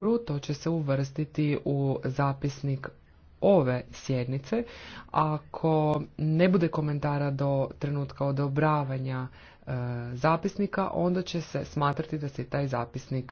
Bruto će se uvrstiti u zapisnik ove sjednice. Ako ne bude komentara do trenutka odobravanja e, zapisnika, onda će se smatrati da se taj zapisnik